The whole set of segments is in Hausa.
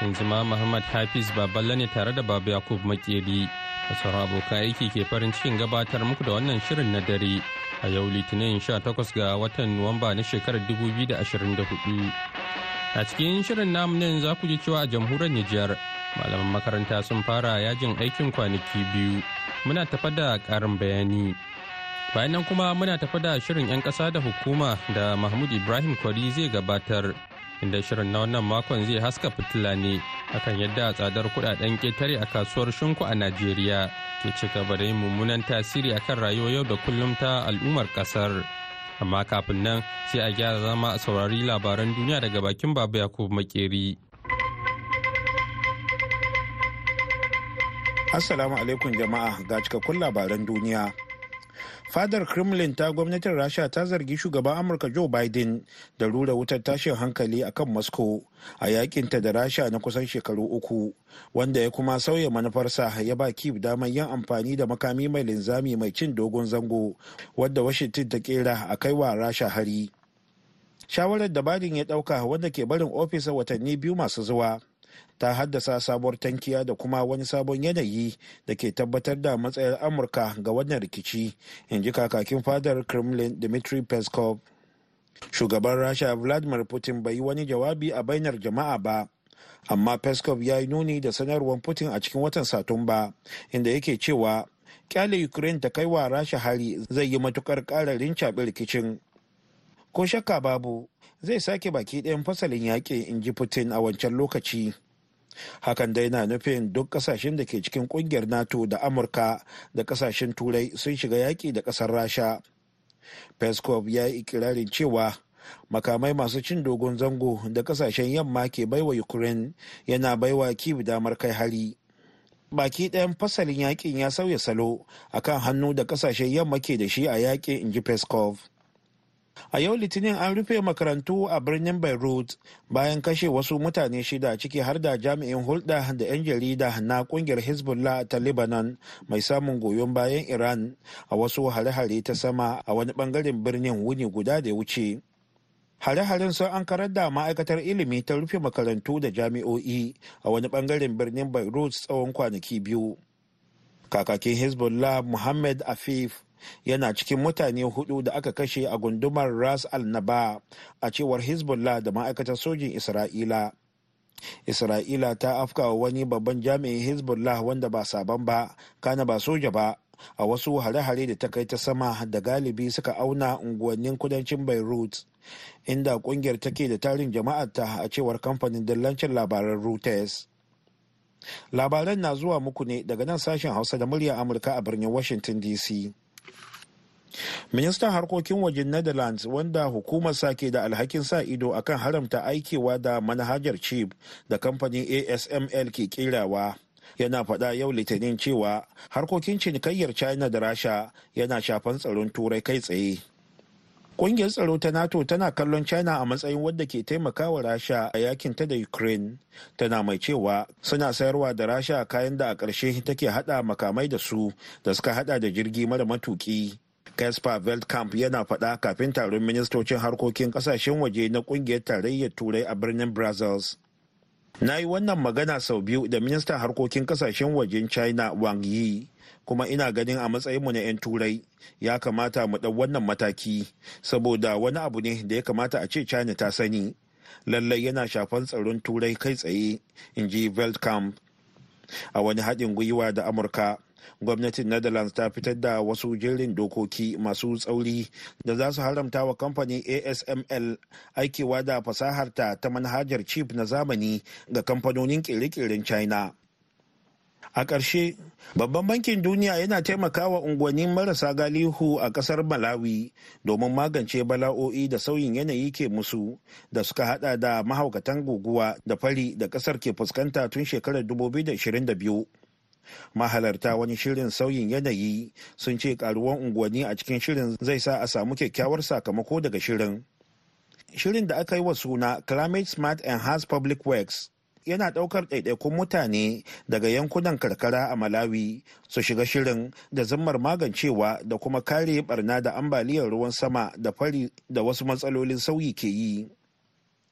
yanzu ma Muhammad Hafiz Baballe ne tare da Baba Yakub Makeri da sauran abokan aiki ke farin cikin gabatar muku da wannan shirin na dare a yau Litinin 18 ga watan Nuwamba na shekarar 2024. A cikin shirin namu nan za ku ji cewa a jamhuriyar Nijar malaman makaranta sun fara yajin aikin kwanaki biyu muna tafa da karin bayani. Bayan kuma muna tafa da shirin 'yan ƙasa da hukuma da Mahmud Ibrahim Kwari zai gabatar. inda shirin na wannan makon zai haska fitila ne akan yadda tsadar kudaden ketare a kasuwar shinku a najeriya ke ci gaba da yin mummunan tasiri akan rayuwa yau da kullum ta al'ummar kasar amma kafin nan sai a gyara zama a saurari labaran duniya daga bakin baba yakub makeri assalamu alaikum jama'a ga cikakkun labaran duniya fadar kremlin ta gwamnatin rasha ta zargi shugaban amurka joe biden da rura wutar tashin hankali akan moscow a yakinta da rasha na kusan shekaru uku wanda ya kuma sauya manufarsa ya ba kiev damar yin amfani da makami mai linzami mai cin dogon zango wadda washington ta kera a kai wa rasha hari shawarar da biden ya dauka wanda ke barin ofisa watanni biyu masu zuwa ta haddasa sabuwar tankiya da kuma wani sabon yanayi da ke tabbatar da matsayar amurka ga wannan rikici in ji kakakin fadar kremlin dmitry peskov shugaban rasha vladimir putin bai yi wani jawabi a bainar jama'a ba amma peskov ya yi nuni da sanarwar putin a cikin watan satumba inda yake cewa kyale ukraine ta kai wa rasha hari zai yi matukar kararin caɓe rikicin ko shakka babu zai sake baki ɗayan fasalin yaƙi in ji putin a wancan lokaci hakan dai na nufin duk kasashen da ke cikin kungiyar nato da amurka da kasashen turai sun shiga yaƙi da ƙasar rasha peskov ya yi ikirarin cewa makamai masu cin dogon zango da kasashen yamma ke baiwa ukraine yana baiwa kiev damar kai hari baki ɗayan fasalin yakin ya sauya salo akan hannu da kasashen yamma ke da shi a in inji peskov A yau Litinin an rufe makarantu a birnin Beirut bayan kashe wasu mutane shida ciki har da jami'in hulɗa da 'yan jarida na kungiyar Hezbollah ta Lebanon mai samun goyon bayan Iran a wasu hare-hare ta sama a wani bangaren birnin wuni guda da ya wuce. Hare-haren sun an karar da ma'aikatar ilimi ta rufe makarantu da jami'o'i a wani ɓangaren birnin Beirut tsawon kwanaki biyu. Kakakin Hezbollah Muhammad Afif yana cikin mutane hudu da aka kashe a gundumar ras al-naba a cewar hezbollah da ma'aikatar sojin isra'ila isra'ila ta afka wa wani babban jami'in hezbollah wanda ba sabon ba kana ba soja ba a wasu hare-hare da ta kai ta sama da galibi suka auna unguwannin kudancin beirut inda kungiyar take da tarin jama'arta a cewar kamfanin dillancin labaran reuters labaran na zuwa muku ne daga nan sashen hausa da murya amurka a birnin washington dc ministan harkokin wajen netherlands wanda hukumar sake da alhakin sa ido akan haramta aikewa da manhajar chip da kamfanin asml ke kirawa yana faɗa yau litinin cewa harkokin cinikayyar china da rasha yana shafan tsaron turai kai tsaye Ƙungiyar tsaro ta NATO tana kallon China a matsayin wadda ke taimakawa Rasha a yakin ta da Ukraine. Tana mai cewa suna sayarwa da Rasha kayan da a ƙarshe take hada makamai da su da suka hada da jirgi mara matuki Kasper Veldkamp yana faɗa kafin taron ministocin harkokin kasashen waje na kungiyar tarayyar turai a birnin Brussels. Na yi wannan magana sau biyu da ministan harkokin kasashen wajen China Wang Yi, kuma ina ganin a matsayinmu na 'yan turai ya kamata mu ɗau wannan mataki, saboda wani abu ne da ya kamata a ce China ta sani. Lallai yana shafan tsaron turai kai tsaye, in ji Veldkamp. A wani haɗin gwiwa da Amurka, gwamnatin netherlands ta fitar da wasu jerin dokoki masu tsauri da za su haramta wa kamfanin asml aikiwa da fasaharta ta manhajar chip na zamani ga kamfanonin kere-keren china a ƙarshe babban bankin duniya yana taimakawa unguwannin marasa galihu a ƙasar malawi domin magance bala'o'i da sauyin yanayi ke musu da suka hada da mahaukatan guguwa da fari da ƙasar ke fuskanta tun shekarar 2022 mahalarta wani shirin sauyin yanayi sun ce karuwan unguwanni a cikin shirin zai sa a samu kyakkyawar sakamako daga shirin shirin da aka yi wa suna climate smart enhanced public works yana daukar ɗaiɗaikun mutane daga yankunan karkara a malawi su shiga shirin da zammar magancewa da kuma kare barna da ambaliyar ruwan sama da fari da wasu matsalolin sauyi ke yi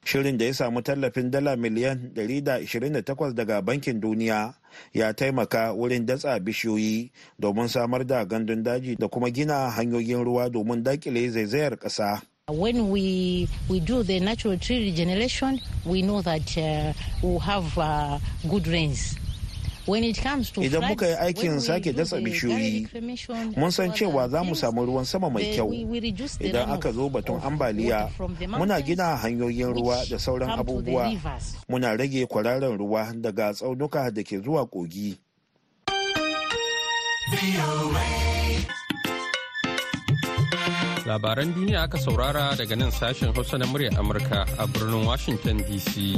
Shirin da ya samu tallafin dala miliyan 128 daga Bankin Duniya ya taimaka wurin datsa bishiyoyi domin samar da gandun daji da kuma gina hanyoyin ruwa domin dakile zaizayar ƙasa. When we, we do the natural tree regeneration, we know that uh, we have uh, good rains. Idan muka yi aikin sake dasa bishiyoyi, mun san cewa za mu samu ruwan sama mai kyau. Idan aka zo batun ambaliya, muna gina hanyoyin ruwa da sauran abubuwa. Muna rage kwararren ruwa daga tsaunuka da ke zuwa kogi. Labaran duniya aka saurara daga nan sashen Hausa na muryar Amurka a birnin Washington DC.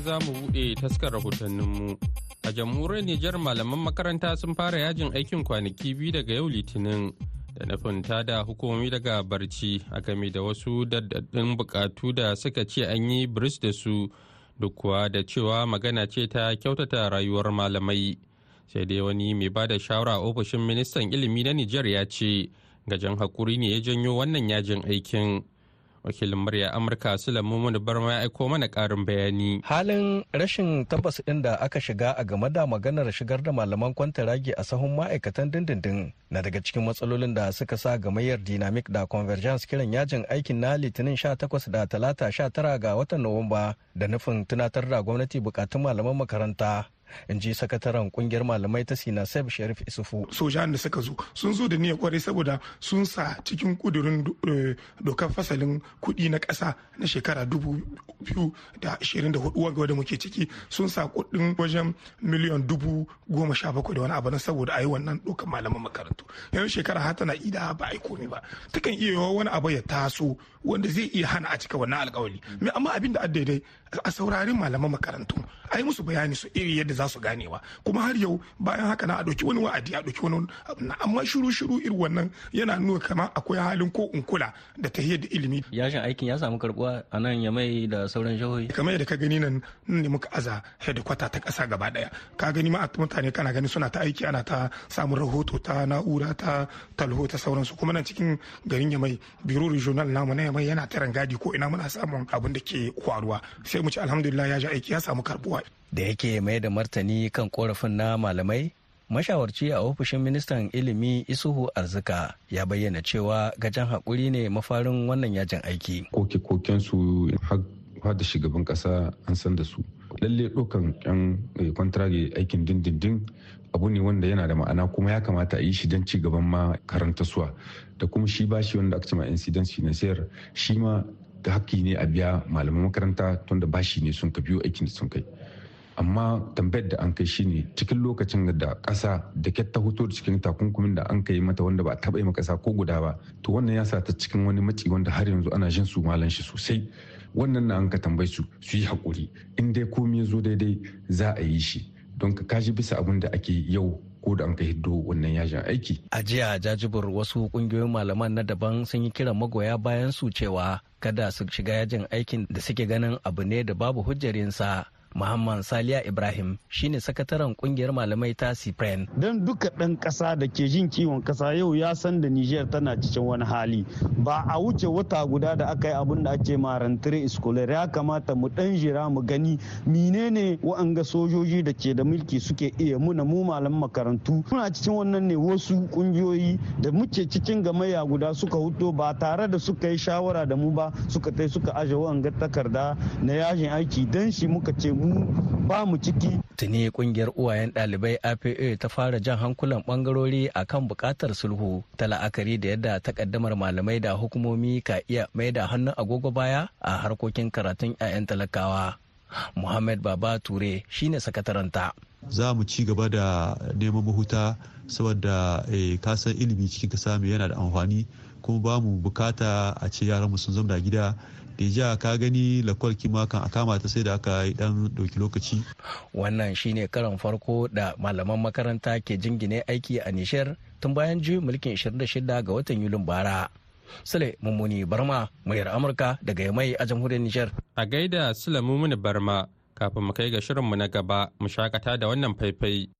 za mu buɗe taskar rahotanninmu. A jamhuriyar Nijar malaman makaranta sun fara yajin aikin kwanaki biyu daga yau Litinin. Da nufin da hukumomi daga barci a game da wasu daddadin bukatu da suka ce an yi bris da su duk kuwa da cewa magana ce ta kyautata rayuwar malamai. Sai dai wani mai ba da shawara ofishin ministan ilimi na Nijar ya ce gajen hakuri ne ya janyo wannan yajin aikin. wakilin murya amurka sulaiman mun barma ya aiko mana karin bayani halin rashin tabbas ɗin da aka shiga a game da maganar shigar da malaman kwanta kwantaragi a sahun ma'aikatan dindindin na daga cikin matsalolin da suka sa gamayyar dynamic da convergence kiran yajin aikin na litinin sha takwas da talata sha tara ga watan nuwamba da nufin tunatar da gwamnati bukatun malaman makaranta in ji sakataren kungiyar malamai ta sina sef sharif isufu sojan da suka zo sun zo da niyyar kwarai saboda sun sa cikin kudurin eh, dokar fasalin kudi na kasa na shekara dubu biyu da ashirin da hudu wadda muke ciki sun sa kuɗin wajen miliyan dubu goma sha bakwai da wani abu na saboda a yi wannan dokar malaman makarantu yanzu shekara har tana ida ba a yi komai ba takan iya yawa wani abu ya taso wanda zai iya hana a cika wannan alkawari amma abin da daidai a saurari malaman makarantu a yi musu bayani su iri yadda za su ganewa kuma har yau bayan haka na a ɗauki wani wa'adi a ɗauki wani amma shiru shiru irin wannan yana nuna kamar akwai halin ko in kula da tahiyar da ilimi yashin aikin ya samu karbuwa a nan ya mai da sauran jihohi kamar yadda ka gani nan nan ne muka aza hedikwata ta kasa gaba ɗaya ka gani ma mutane kana gani suna ta aiki ana ta samun rahoto ta na'ura ta talho ta sauransu kuma nan cikin garin ya mai biro regional namu na ya mai yana ta rangadi ko ina muna samun abin da ke kwaruwa sai mu ci alhamdulillah ya ji aiki ya samu karbuwa da yake mai da martani kan korafin na malamai mashawarci a ofishin ministan ilimi isuhu arzika ya bayyana cewa gajen haƙuri ne mafarin wannan yajin aiki koke-koken su har da shugaban ƙasa an san da su lalle ɗaukan yan eh, kwantarage aikin dindindin abu ne wanda yana da ma'ana kuma ya kamata a yi shi don ci gaban ma karanta suwa da kuma shi ba shi wanda aka ma incidence financier shi ma hakki ne a biya malaman makaranta tun da bashi ne sun ka biyo aikin sun kai amma tambayar da an kai shine cikin lokacin da ƙasa da ke ta hoto cikin takunkumin da an kai mata wanda ba a taɓa yi ƙasa ko guda ba to wannan ya sa ta cikin wani matsi wanda har yanzu ana jin su malan shi sosai wannan na an ka tambayi su su yi haƙuri in dai komai zo daidai za a yi shi don ka kaji bisa abin da ake yau ko da an ka hiddo wannan yajin aiki. A jiya jajibur wasu kungiyoyin malaman na daban sun yi kiran magoya bayan su cewa kada su shiga yajin aikin da suke ganin abu ne da babu hujjarinsa Muhammad Saliya Ibrahim shine sakataren kungiyar malamai ta Cyprian. Dan duka ɗan ƙasa da ke jin kiwon ƙasa yau ya san da Niger tana cikin wani hali. Ba a wuce wata guda da aka yi abin da ake marantare iskolar ya kamata mu ɗan jira mu gani menene wa'anga sojoji da ke da mulki suke iya muna mu malam makarantu. Muna cikin wannan ne wasu ƙungiyoyi da muke cikin gamayya guda suka huto ba tare da suka yi shawara da mu ba suka tai suka aje wa'anga takarda na yajin aiki dan shi muka ce mu ba mu ciki. Tuni kungiyar uwayen ɗalibai APA ta fara jan hankulan bangarori akan bukatar sulhu ta la'akari da yadda takaddamar malamai da hukumomi ka iya mai da hannun agogo baya a harkokin karatun 'ya'yan talakawa. Muhammad Baba Ture shine sakataranta. Za mu ci gaba da neman mahuta saboda eh, kasan ilimi cikin kasa mai yana da amfani kuma ba mu bukata a ce yaran mu sun zama da gida deja ka gani lakwal kima kan a kama ta sai da aka yi dan dauki lokaci wannan shine karan farko da malaman makaranta ke jingine aiki a nishar tun bayan juyin mulkin 26 ga watan yulin bara sule mummuni barma mayar amurka daga yamai a jamhuriyar nishar a gaida sule mummuni barma kafin mu kai ga shirinmu na gaba mu shakata da wannan faifai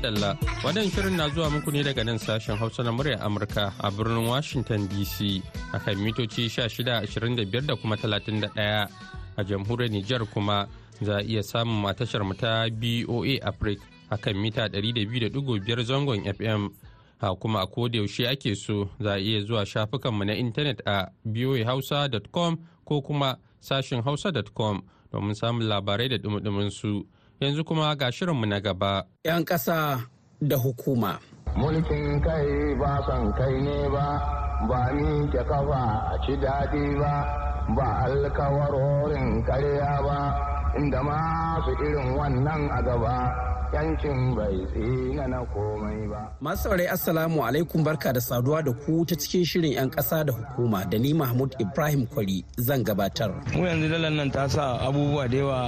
madalla wadan shirin na zuwa muku ne daga nan sashen hausa na murya amurka a birnin washington dc a kan mitoci 1625 da kuma 31 a jamhuriyar nijar kuma za a iya samun matashar mu ta boa africa a kan mita 200.5 zangon fm a kuma a yaushe ake so za a iya zuwa shafukanmu na intanet a boahausa.com ko kuma sashen hausa.com domin samun labarai da dumudumin su. yanzu kuma ga shirinmu na gaba. 'Yan ƙasa da hukuma. Mulkin kai ba kan kai ne ba, ba ni ke kafa a ci daɗi ba, ba alkawarorin karya ba, inda masu irin wannan a gaba. yancin bai tsina na komai ba. Masu saurayi Assalamu alaikum barka da saduwa da ku ta cikin shirin 'yan kasa da hukuma da ni Mahmud Ibrahim Kwari zan gabatar. Mu yanzu dalar nan ta sa abubuwa da yawa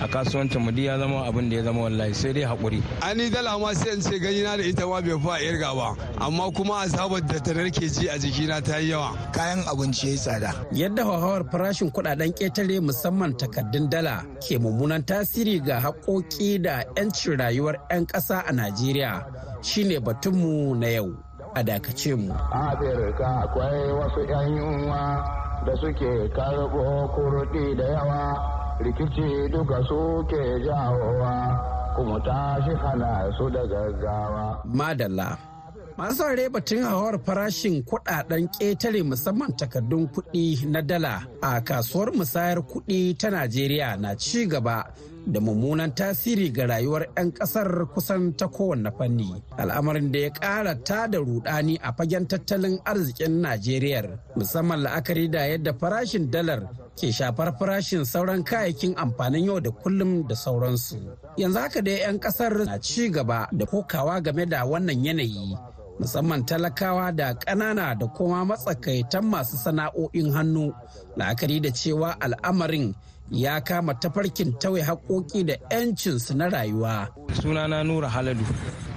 a kasuwancin mu ya zama abin da ya zama wallahi sai dai haƙuri. Ani dala ma sai in ce gani na da ita ma bai fa irga ba amma kuma azabar da ta narke ji a jikina ta yi yawa. Kayan abinci ya yi tsada. Yadda hauhawar farashin kuɗaɗen ketare musamman takardun dala ke mummunan tasiri ga haƙoƙi da 'yancin rayuwa rayuwar 'yan ƙasa a Najeriya shine batunmu na yau a dakace mu. Afirka akwai wasu 'yan yunwa da suke karɓo kurɗi da yawa rikici duka suke jawowa kuma tashi hana su da gaggawa. Madalla. Masu ware batun hawar farashin kudaden ƙetare musamman takardun kuɗi na dala a kasuwar musayar kuɗi ta Najeriya na ci gaba da mummunan tasiri ga rayuwar 'yan kasar kusan ta kowanne fanni al'amarin da ya ƙara ta da rudani a fagen tattalin arzikin najeriya musamman la'akari da yadda farashin dalar ke shafar farashin sauran kayayyakin amfanin yau da kullum da sauransu yanzu haka dai 'yan kasar na ci gaba da kokawa game da wannan yanayi musamman talakawa da ƙanana da kuma matsakaitan masu sana'o'in hannu la'akari da cewa al'amarin ya kama tafarkin tauye haƙoƙi da 'yancinsu na rayuwa. suna na Nura Haladu,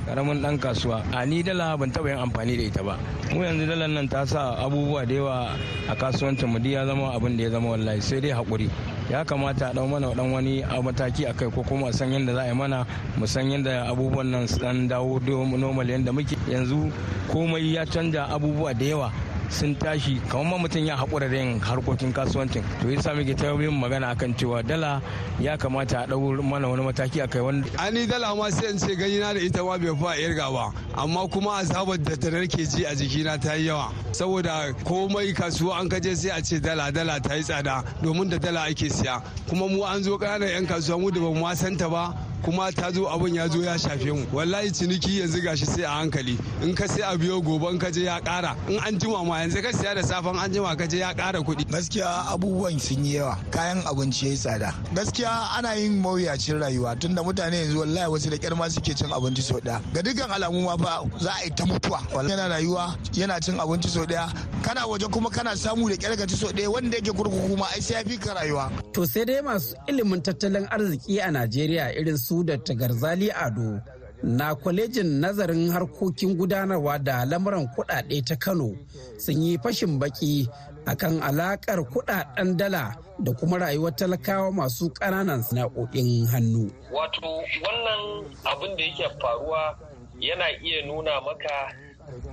ƙaramin ɗan kasuwa. A ni dala ban taɓa yin amfani da ita ba. Mu yanzu dalar nan ta sa abubuwa da yawa a kasuwancin mu ya zama abin da ya zama wallahi sai dai haƙuri. Ya kamata a ɗau mana ɗan wani a mataki a kai ko kuma a san yadda za a yi mana mu san yadda abubuwan nan su ɗan dawo normal yadda muke yanzu komai ya canja abubuwa da yawa sun tashi kamar ma mutum ya haƙura da yin harkokin kasuwancin to yasa muke ta yin magana akan cewa dala ya kamata a ɗau mana wani mataki a kai wanda ani dala ma sai in ce gani na da ita ma bai fa irga ba amma kuma azabar da ta narke ji a jikina ta yi yawa saboda komai kasuwa an kaje sai a ce dala dala ta yi tsada domin da dala ake siya kuma mu an zo ƙananan 'yan kasuwa mu da ba mu san ta ba kuma ta zo abin ya zo ya shafe mu wallahi ciniki yanzu gashi sai a hankali in ka sai a biyo gobe ka je ya ƙara in an jima ma yanzu ka siya da safan an jima ka je ya ƙara kuɗi gaskiya abubuwan sun yi yawa kayan abinci yayi tsada gaskiya ana yin mawuyacin rayuwa tunda mutane yanzu wallahi wasu da kyar ma suke cin abinci sau ɗaya. ga dukkan alamu ma fa za a yi ta mutuwa yana rayuwa yana cin abinci sau ɗaya. kana waje kuma kana samu da kyar ci sau ɗaya wanda yake kurkuku ma ai sai ya fi ka rayuwa to sai dai masu ilimin tattalin arziki a Najeriya irin su su da tagarzali ado na kwalejin nazarin harkokin gudanarwa da lamuran kudade ta kano sun yi fashin baki akan alakar kudaden dala da kuma rayuwar talakawa masu ƙananan sana'o'in hannu wato wannan abin da yake faruwa yana iya nuna maka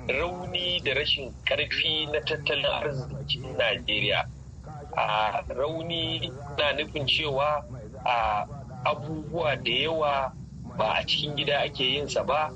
rauni da rashin karfi na tattalin arzikin najeriya a rauni na nufin cewa a abubuwa da yawa ba a cikin gida ake yin sa ba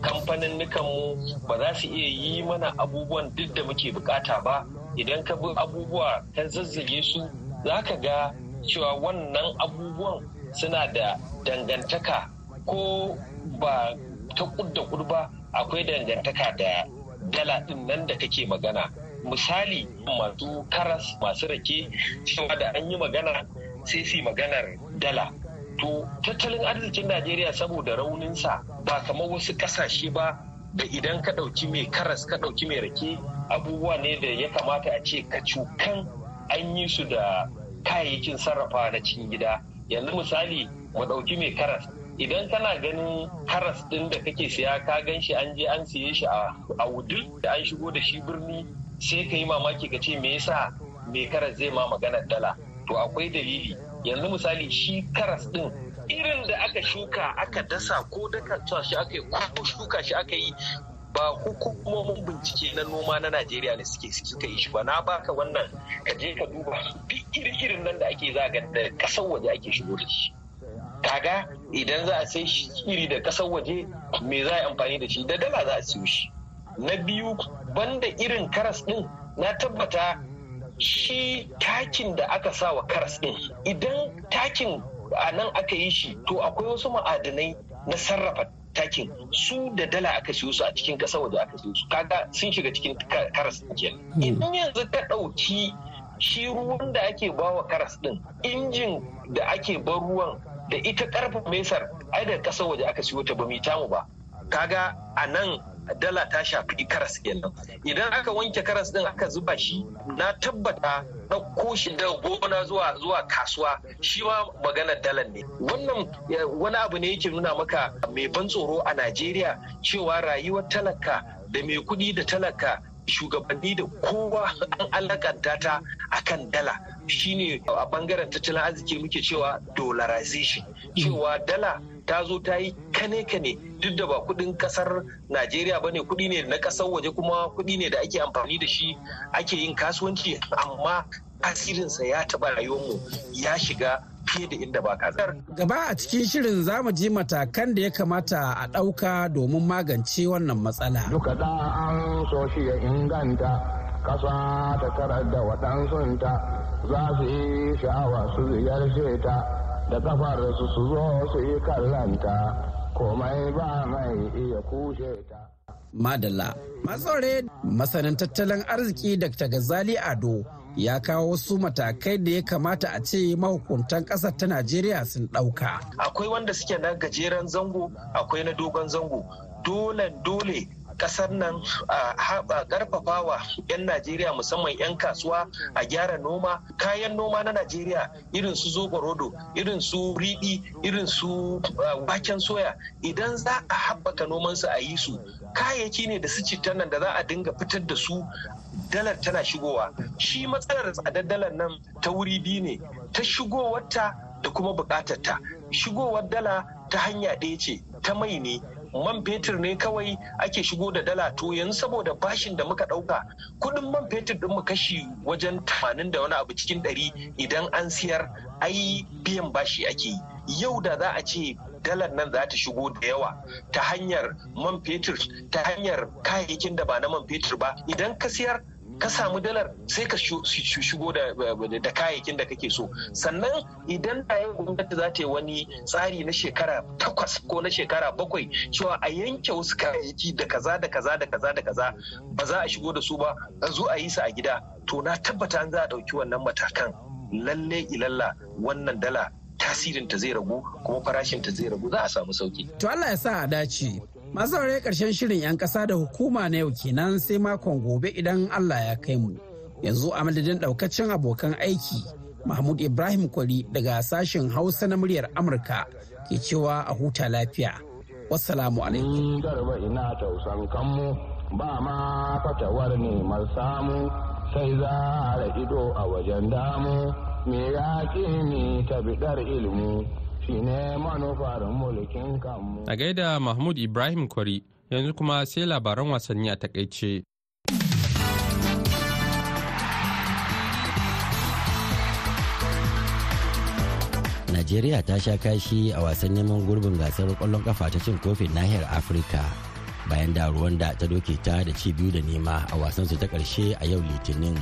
kamfanin mu ba za su iya yi mana abubuwan duk da muke bukata ba idan ka bi abubuwa ta zazzage su za ka ga cewa wannan abubuwan suna da dangantaka ko ba ta kudda ba akwai dangantaka da dala din nan da kake magana misali masu karas masu rake cewa da an yi magana sai su maganar dala to tattalin arzikin najeriya saboda rauninsa ba kamar wasu kasashe ba da idan ka ɗauki mai karas ka ɗauki mai rake abubuwa ne da ya kamata a ce ka cukan an yi su da kayayyakin sarrafa na cikin gida yanzu misali mu ɗauki mai karas idan kana ganin karas ɗin da kake siya ka gan shi an je an siye shi a wudil da an shigo da shi birni sai ka yi mamaki ka ce me yasa mai karas zai ma magana dala to akwai dalili yanzu misali shi karas din irin da aka shuka aka dasa ko daka shi aka yi ko shuka shi aka yi ba hukumomin bincike na noma na Najeriya ne suke suka yi shi ba na baka wannan ka je ka duba duk irin nan da ake zaga da kasar waje ake shigo da shi kaga idan za a sai shi iri da kasar waje me za a amfani da shi da dala za a siyo shi na biyu banda irin karas din na tabbata shi takin da aka sa wa karas ɗin idan takin a nan aka yi shi to akwai wasu ma'adanai na sarrafa takin su da dala aka siyo su a cikin ƙasa waje aka siyo su kaga sun shiga cikin karas ɗin hmm. idan yanzu ka ɗauki shi ruwan da ake ba wa karas ɗin injin da ake bar ruwan da ita ƙarfin mesar ai da ƙasa waje aka siyo ta ba mu ba kaga a nan dala ta shafi karas kenan idan aka wanke karas din aka zuba shi na tabbata ɗauko shi da gona zuwa zuwa kasuwa shi ma magana dalan ne wannan wani abu ne yake nuna maka mai ban tsoro a najeriya cewa rayuwar talaka da mai kuɗi da talaka shugabanni da kowa an alakanta ta akan dala shine a bangaren tattalin arziki muke cewa dollarization cewa dala ta zo ta yi kane-kane duk da ba kudin kasar najeriya ba ne kudi ne na kasar waje kuma kudi ne da ake amfani da shi ake yin kasuwanci amma asirinsa ya taɓa mu ya shiga fiye da inda ba kasar. gaba a cikin shirin zamu mu ji matakan da ya kamata a ɗauka domin magance wannan matsala duka da an so shi inganta kasa ta tarar da waɗansunta za su yi sha'awa su ziyarce ta da kafar su su zo su yi kallanta komai ba mai iya kushe ta. Madalla, matsore masanin tattalin arziki Dr. Gazali Ado ya kawo wasu matakai da ya kamata a ce mahukuntan ƙasar ta Najeriya sun ɗauka. Akwai wanda suke na gajeren zango, akwai na dogon zango. Dole dole kasar nan a karfafawa 'yan najeriya musamman 'yan kasuwa a gyara noma kayan noma na najeriya irin su rodo, irin su riɗi irin su waken soya idan za a haɓaka nomansu a yi su kayayyaki ne da su citan nan da za a dinga fitar da su dalar tana shigowa shi matsalar tsadar dalar nan ta wuri biyu ne ta shigowarta da kuma bukatarta shigowar dala ta hanya ɗaya ce ta mai ne man fetur ne kawai ake shigo da dala to yanzu saboda bashin da muka dauka kudin man fetur din mu kashi wajen tamanin da wani abu cikin ɗari idan an siyar ai biyan bashi ake yi yau da za a ce dalar nan za ta shigo da yawa ta hanyar man fetur ta hanyar kayayyakin da ba na man fetur ba idan ka siyar ka samu dalar sai ka shigo da kayayyakin da kake so sannan idan da gwamnati za ta yi wani tsari na shekara takwas ko na shekara bakwai cewa a yanke wasu kayayyaki da kaza da kaza da kaza da kaza ba za a shigo da su ba a zo a yi su a gida to na tabbata an za a ɗauki wannan matakan lalle ilalla wannan dala tasirinta zai ragu kuma farashinta zai ragu za a samu sauki. To Allah ya sa a dace. Masu saurare karshen shirin 'yan ƙasa da hukuma na yau kenan sai makon gobe idan Allah ya kai mu. Yanzu a madadin ɗaukacin abokan aiki Mahmud Ibrahim Kwari daga sashen Hausa na muryar Amurka ke cewa a huta lafiya. Wassalamu alaikum. ina kanmu ba ma fatawar neman samu sai za a ido a wajen damu me ya ni ta ilimi. A gaida Mahmud Ibrahim Kwari yanzu kuma sai labaran wasanni a takaice. Najeriya ta sha kashi a wasan neman gurbin gasar kwallon kafa ta cin kofin nahiyar Afirka bayan da Rwanda ta doke ta da ci biyu da nema a wasan su ta ƙarshe a yau Litinin.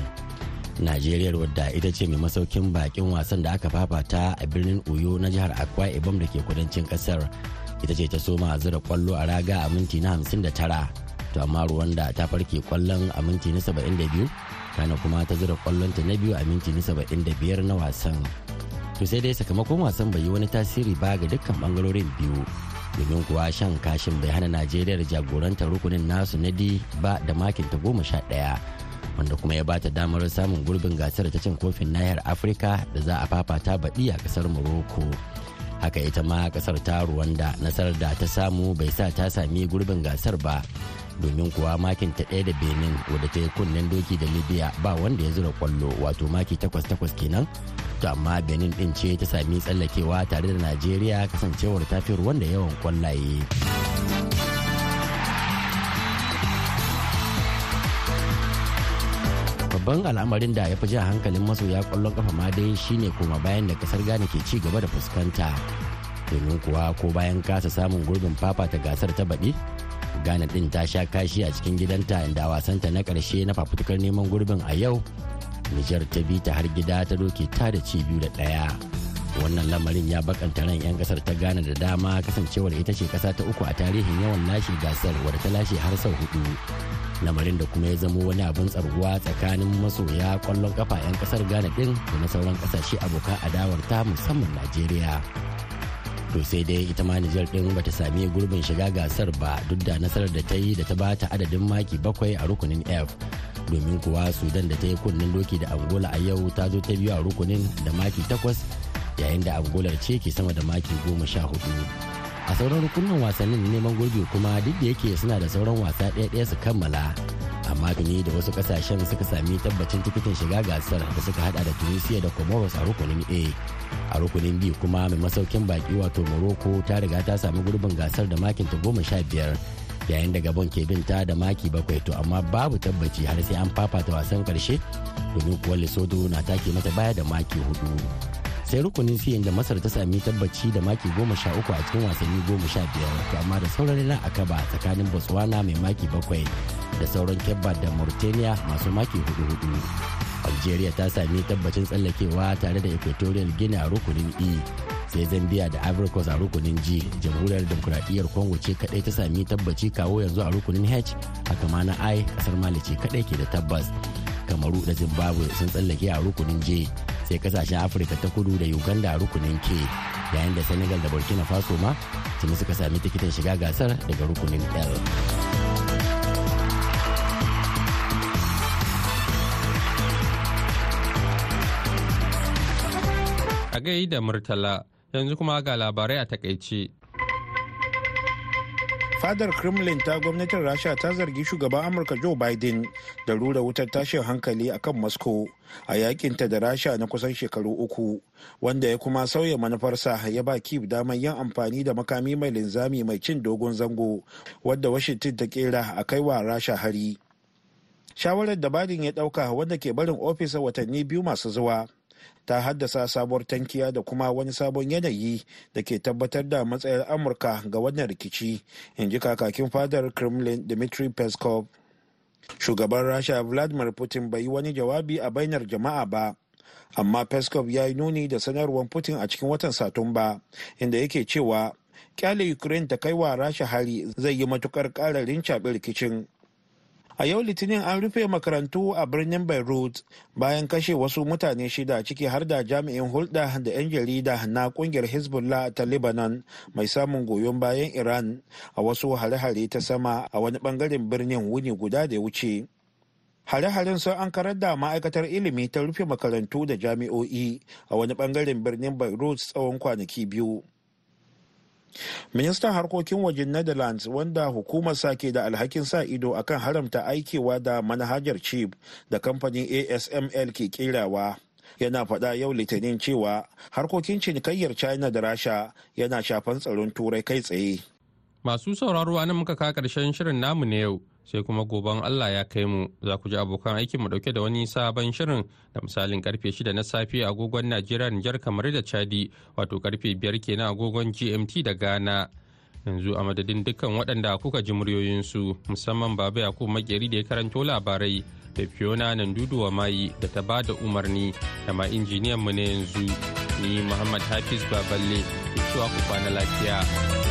najeriya wadda ita ce mai masaukin bakin wasan da aka fafata a birnin uyo na jihar akwa ibom da ke kudancin kasar ita ce ta soma zura kwallo a raga a minti na 59 to amma da ta farke kwallon a minti na 72 kana kuma ta zura kwallonta na biyu a minti na 75 na wasan to sai dai sakamakon wasan bai yi wani tasiri ba ga dukkan bangarorin biyu domin kuwa shan kashin bai hana najeriya jagorantar rukunin nasu na di ba da makinta goma sha ɗaya wanda kuma ya bata damar samun gurbin gasar ta cin kofin nahiyar afirka da za a fafata baɗi a kasar morocco haka ita ma ƙasar ta rwanda nasarar da ta samu bai sa ta sami gurbin gasar ba domin kuwa makin ta ɗaya da benin wadda ta yi kunnen doki da libya ba wanda ya zura kwallo wato maki takwas takwas kenan to amma benin ɗin ce ta sami tsallakewa tare da najeriya kasancewar tafi da yawan kwallaye babban al'amarin da ya fi ja hankalin masoya kwallon kafa ma dai shine kuma bayan da kasar ghana ke ci gaba da fuskanta domin kuwa ko bayan kasa samun gurbin ta gasar ta baɗi ghana ɗin ta sha kashi a cikin gidanta inda wasanta na ƙarshe na fafutukar neman gurbin a yau nijar ta bi ta har gida ta doke ta da ci biyu da ɗaya wannan lamarin ya bakanta ran 'yan kasar ta ghana da dama kasancewar ita ce kasa ta uku a tarihin yawan lashe gasar wadda ta lashe har sau hudu lamarin da kuma ya zamo wani abin tsarguwa tsakanin masoya kwallon kafa 'yan kasar ghana din da na sauran kasashe abokan adawar ta musamman najeriya to sai dai ita ma Nijar din bata sami gurbin shiga gasar ba duk da nasarar da ta yi da ta bata adadin maki bakwai a rukunin F domin kuwa Sudan da ta yi kunnen doki da Angola a yau ta zo ta biyu a rukunin da maki takwas yayin da Angolar ce ke sama da maki goma sha hudu. a sauran rukunin wasannin neman gurbi kuma duk da yake suna da sauran wasa ɗaya-ɗaya su kammala amma tuni da wasu kasashen suka sami tabbacin tikitin shiga gasar da suka hada da tunisia da comoros a rukunin a a rukunin b kuma mai masaukin baki wato morocco ta riga ta sami gurbin gasar da makin ta goma sha biyar yayin da gabon ke bin ta da maki bakwai to amma babu tabbaci har sai an fafata wasan karshe domin kuwa lesotho na take mata baya da maki hudu sai rukunin siyan da masar ta sami tabbaci da maki goma sha uku a cikin wasanni goma sha biyar to amma da sauran rana a kaba tsakanin botswana mai maki bakwai da sauran kebba da mauritania masu maki hudu hudu algeria ta sami tabbacin tsallakewa tare da equatorial guinea a rukunin e sai zambia da ivory coast a rukunin g jamhuriyar demokuraɗiyyar congo ce kadai ta sami tabbaci kawo yanzu a rukunin h haka ma na i kasar mali ce kadai ke da tabbas kamaru da zimbabwe sun tsallake a rukunin j sai kasashen afirka ta kudu da uganda rukunin ke yayin da senegal da burkina faso ma tuni suka sami tikitin shiga gasar daga rukunin l a gai da murtala yanzu kuma ga labarai a takaice fadar kremlin ta gwamnatin rasha ta zargi shugaban amurka joe biden da rura wutar tashin hankali a kan moscow a yakinta da rasha na kusan shekaru uku wanda ya kuma sauya manufarsa ya ba kiev damar yin amfani da makami mai linzami mai cin dogon zango wadda washington ta kera a kaiwa rasha hari shawarar da Biden ya dauka wanda ke barin ofisa watanni biyu masu zuwa ta haddasa sabuwar tankiya da kuma wani sabon yanayi da ke tabbatar da matsayar amurka ga wannan rikici in ji kakakin fadar kremlin dmitry peskov shugaban rasha vladimir putin bai yi wani jawabi a bainar jama'a ba amma peskov ya yi nuni da sanarwar putin a cikin watan satumba inda yake cewa kyale ukraine ta kai wa rasha hari zai yi matukar kararin rikicin a yau litinin an rufe makarantu a birnin beirut bayan kashe wasu mutane shida ciki har da jami'in hulɗa da 'yan jarida na kungiyar hezbollah ta lebanon mai samun goyon bayan iran a wasu hare-hare ta sama a wani bangaren birnin wuni guda da wuce hare-haren sun an karar da ma'aikatar ilimi ta rufe makarantu da jami'o'i a wani bangaren birnin beirut tsawon kwanaki biyu ministan harkokin wajen netherlands wanda hukumar sake da alhakin sa ido akan haramta aikewa da manhajar chip da kamfanin asml ke kerawa yana faɗa yau litinin cewa harkokin cinikayyar china da rasha yana shafan tsaron turai kai tsaye masu sauraro anan muka ka karshen shirin namu na yau sai kuma goben Allah ya kai mu za ku ji abokan aikin mu dauke da wani sabon shirin da misalin karfe shida na safe agogon Najeriya Nijar kamar da Chadi wato karfe 5 kenan agogon GMT da Ghana yanzu a madadin dukkan waɗanda kuka ji muryoyinsu musamman baba yakubu makeri da ya karanto labarai da fiona nan duduwa mayi da ta ba da umarni da ma injiniyan mu na yanzu ni muhammad hafiz baballe ke ku kwana lafiya